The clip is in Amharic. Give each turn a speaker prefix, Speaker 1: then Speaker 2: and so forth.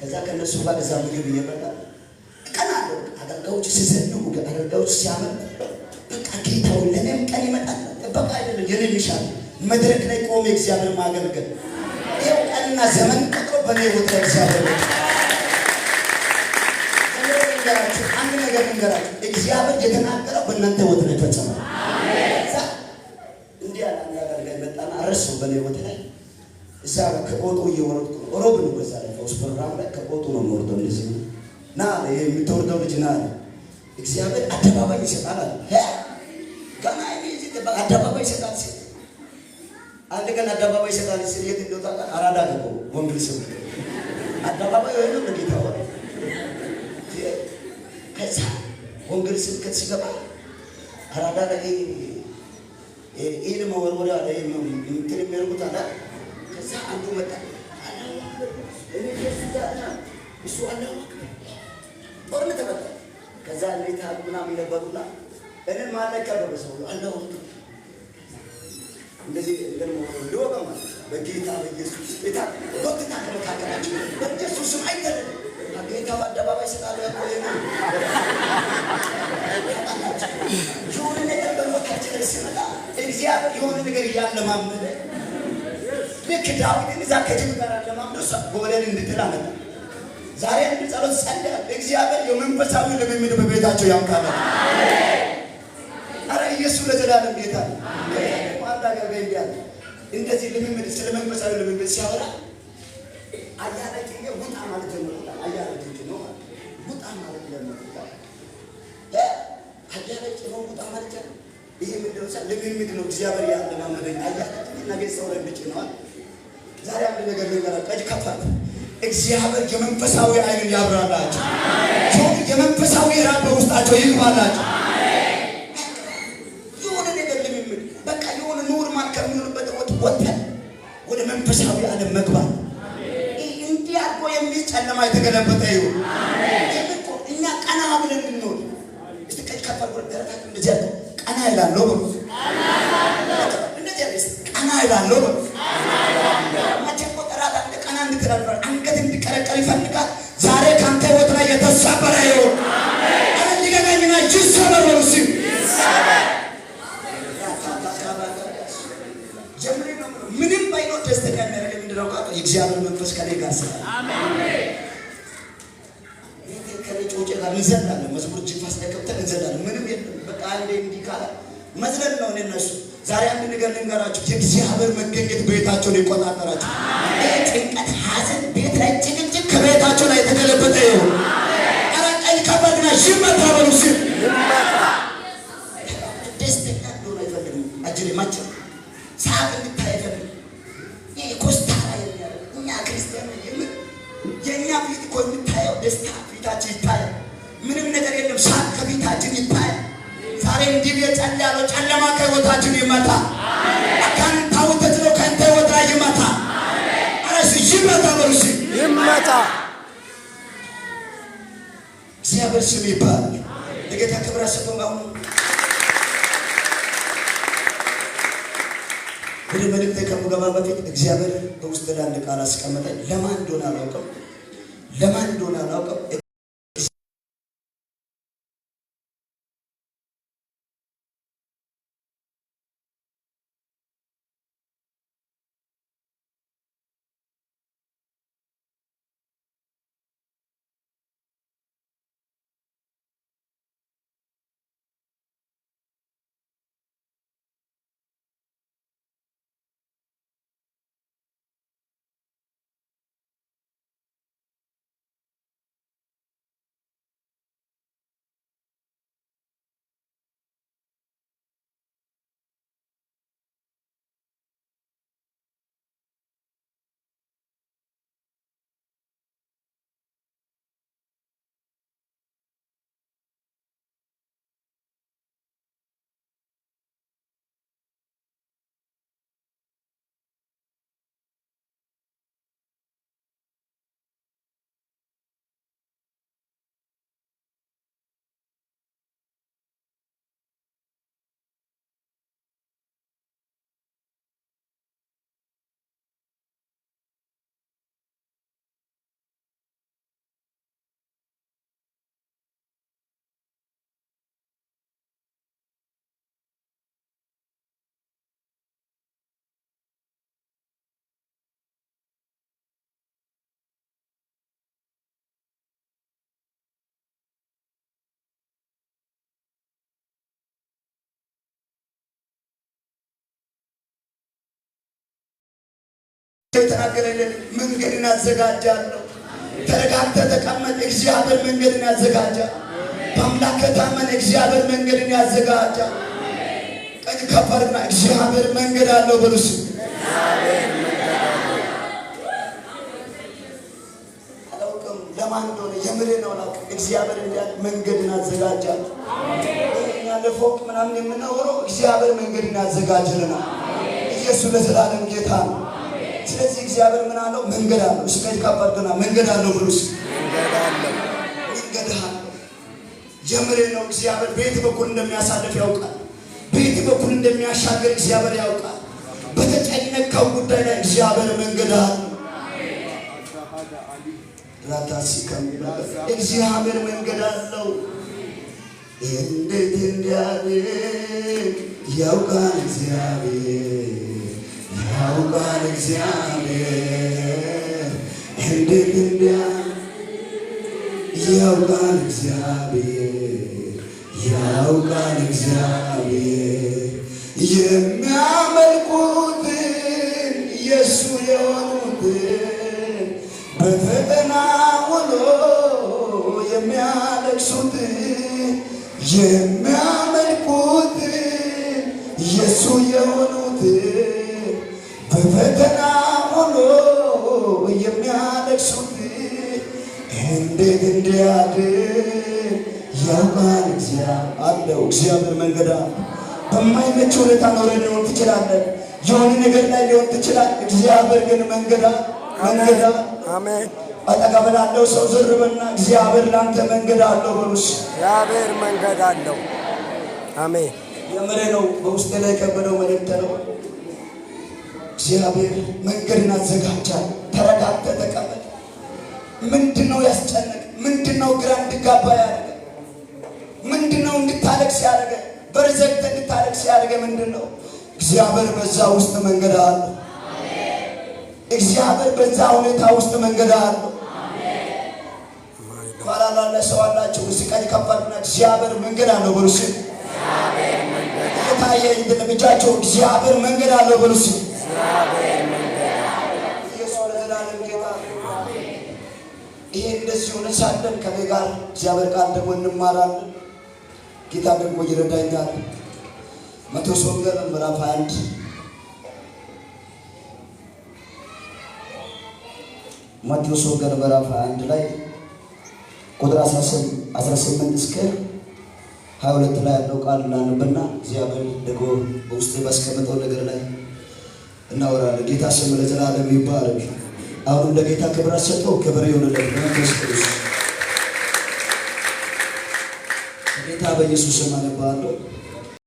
Speaker 1: ከዛ ከነሱ ጋር እዛ ምግብ እየበላ ቀን አገልጋዮች ሲዘንቡ አገልጋዮች ሲያመር በቃ ጌታው ለእኔም ቀን ይመጣል። ጥበቃ አይደለም የኔ መድረክ ላይ ቆሜ እግዚአብሔር ማገልገል ይኸው ቀንና ዘመን ቀጥሮ በእኔ ቦታ እግዚአብሔር አንድ ነገር ንገራችሁ። እግዚአብሔር የተናገረው በእናንተ ህይወት ላይ ፈጸመ። እንዲህ ያለ አገልጋይ መጣና ረሱ በእኔ ህይወት ላይ እዛ ከቦጦ እየወረድኩ ነው። ሮብ ነው በዛ ላይ ፈውስ ፕሮግራም ላይ ከቦጦ ነው የምወርደው። እንደዚህ ና የምትወርደው ልጅ ና እግዚአብሔር አደባባይ ይሰጣል አለ። ገና አደባባይ ይሰጣል ሲል አንድ ቀን አደባባይ ይሰጣል ሲል የት እንደወጣ አራዳ ገባ። ወንግል ስም አደባባይ ወይ ነው ለጌታ ወ ከዛ ወንጌል ስብከት ሲገባ አራዳ ላይ ይህን መወርወዳ ምትል የሚያርጉት አላ ከዛ አንዱ መጣ። እሱ ጦርነት ተመታ። ከዛ እንዴት ምናምን ነበሩና እኔን ማለቀ በሰው አላሁ እንደዚህ ልወቀ ማለት በጌታ በኢየሱስ ጌታ ወቅታ ከመካከላቸው በኢየሱስም አይገለል ጌታ አደባባይ ስላለ የሆነ ነገር በመካከል ሲመጣ እግዚአብሔር የሆነ ነገር እያለማመደ ልክ ዳዊትን እዛ ከድል ጋር ለማምዶ ጎበለል እንድትል አመጣ። ዛሬ አንድ ጸሎት ጸለ እግዚአብሔር የመንፈሳዊ ልምምድ በቤታቸው ያምጣለ። አረ ኢየሱስ ለዘላለም ጌታ አንድ ሀገር በእንዲያለ እንደዚህ ልምምድ ስለ መንፈሳዊ ልምምድ ሲያወራ አያለ ውጣ ማለት ጀምሮታል። አያለ ጭንጭ ምንድነው? ልምምድ ነው እግዚአብሔር ያለማመደኝ አያለ ነገ ሰው ረምጭ ነዋል ዛሬ አንድ ነገር ልንገራችሁ። ቀጅ እግዚአብሔር የመንፈሳዊ አይን ያብራላቸው ሰው የመንፈሳዊ ራብ በውስጣቸው ይግባላችሁ። የሆነ ነገር ልምምድ በቃ የሆነ ኖርማል ከምንሆንበት ወጥተን ወደ መንፈሳዊ ዓለም መግባት እንዲህ አድርጎ የሚል ጨለማ የተገለበጠ ይሁን እኛ ቀና ብለን እንኖር እስቲ ቀጅ ከፈት ደረታችሁ እንደዚህ ያለ ቀና ይላለው ቀና ይላለው ይችላል። አንገት እንዲቀረቀር ይፈልጋል። ዛሬ ከአንተ ህይወት ላይ የተሰበረ ይሆን ምንም ባይኖር ደስተኛ የሚያደርገ ምንድነው? ቃ የእግዚአብሔር መንፈስ ከኔ ጋር ስለ ጮጬ ጋር እንዘላለን። መዝሙር እጅግ ማስደገብተን እንዘላለን። ምንም የለም። በቃ አንዴ እንዲህ ካለ መዝለል ነው እነሱ ዛሬ አንድ ነገር ልንገራችሁ፣ የእግዚአብሔር መገኘት ቤታቸውን ይቆጣጠራቸው። እሺ በሉ ሲል ደስተኛ እንደሆነ አይፈልግም። አጅሬ ማቸ ሰዓት እንድታይ አይፈልግም። ኮስታራ የሚያደርግ እኛ ክርስቲያን የምን የእኛ ፊት እኮ የምታየው ደስታ ፊታችን ይታያል። ምንም ነገር የለም። ሳቅ ከፊታችን ይታያል። ዛሬ እንዲህ የጨለማ ከህይወታችን ይመጣል። እግዚአብሔር ስም ይባላል። ለጌታ ክብር አሰበም። አሁን ወደ መልእክት ከምገባ በፊት እግዚአብሔር በውስጥ አንድ ቃል አስቀመጠ። ለማን እንደሆነ አላውቅም፣ ለማን እንደሆነ አላውቅም። የተናገረልን መንገድን አዘጋጃለሁ። ተረጋግተህ ተቀመጥ። እግዚአብሔር መንገድን ያዘጋጃል። በአምላክ ከታመን እግዚአብሔር መንገድን ያዘጋጃል። ቀኝ ከፈርና እግዚአብሔር መንገድ አለው በሉስ አላውቅም ለማን እንደሆነ የምር ነው ላ እግዚአብሔር እንዲያል መንገድን አዘጋጃል። እኛ ለፎቅ ምናምን የምናወረው እግዚአብሔር መንገድን ያዘጋጅልናል። ኢየሱስ ለዘላለም ጌታ ነው። ስለዚህ እግዚአብሔር ምን አለው? መንገድ አለው። ስሜት ካባርተና መንገድ አለው ብሉስ መንገድ አለው። መንገድ ጀምሬ ነው እግዚአብሔር ቤት በኩል እንደሚያሳልፍ ያውቃል። ቤት በኩል እንደሚያሻገር እግዚአብሔር ያውቃል። በተጨነቀው ጉዳይ ላይ እግዚአብሔር መንገድ አለው። ራታሲ እግዚአብሔር መንገድ አለው። እንዴት እንዲያደርግ ያውቃል እግዚአብሔር ያውቃል እግዚአብሔር እንዴት ያውቃል እግዚአብሔር ያውቃል እግዚአብሔር የሚያመልኩትን የእሱ የሆኑትን በፈተና ውሎ የሚያለቅሱትን እንዴት እንዲያድን ያማን አለው። እግዚአብሔር መንገዳ በማይመች ሁኔታ ኖረን ሊሆን ትችላለን። የሆነ ነገር ላይ ሊሆን ትችላል። እግዚአብሔር ግን መንገዳ መንገዳ አሜን። አጠገብ ላለው ሰው ዝር በልና እግዚአብሔር ላንተ መንገድ አለው በሉስ።
Speaker 2: እግዚአብሔር መንገድ አለው። አሜን።
Speaker 1: የምሬ ነው። በውስጤ ላይ የከበደው መልእክት ነው። እግዚአብሔር መንገድን አዘጋጃል። ተረጋግተህ ተቀበል። ምንድነው ነው ያስጨነቅ? ግራ እንድጋባ ያደረገ? ምንድነው እንድታለቅ ሲያደርገ ያደረገ? በርዘግተ እንድታለቅስ ያደረገ ምንድን ነው? እግዚአብሔር በዛ ውስጥ መንገድ አለ። እግዚአብሔር በዛ ሁኔታ ውስጥ መንገድ አለ። ኋላ ላለ ሰው አላቸው እዚህ ቀን ከባድና እግዚአብሔር መንገድ አለው በሉስ እየታየ እጃቸው እግዚአብሔር መንገድ አለው በሉስ ይሄ እንደዚህ ሆነ ሳለን ከኔ ጋር እግዚአብሔር ቃል ደግሞ እንማራለን። ጌታ ደግሞ ይረዳኛል። መቶ ሰው ምዕራፍ አንድ ማቴዎስ ወንጌል ምዕራፍ 21 ላይ ቁጥር 18 እስከ 22 ላይ ያለው ቃል እናንብና እግዚአብሔር ደግሞ በውስጤ ባስቀመጠው ነገር ላይ እናወራለን። ጌታ ስም ለዘላለም ይባረክ። አሁን ለጌታ ክብር አሰጠው። ክብር ይሁንለት በመንፈስ ቅዱስ ጌታ በኢየሱስ ስም አነባለሁ።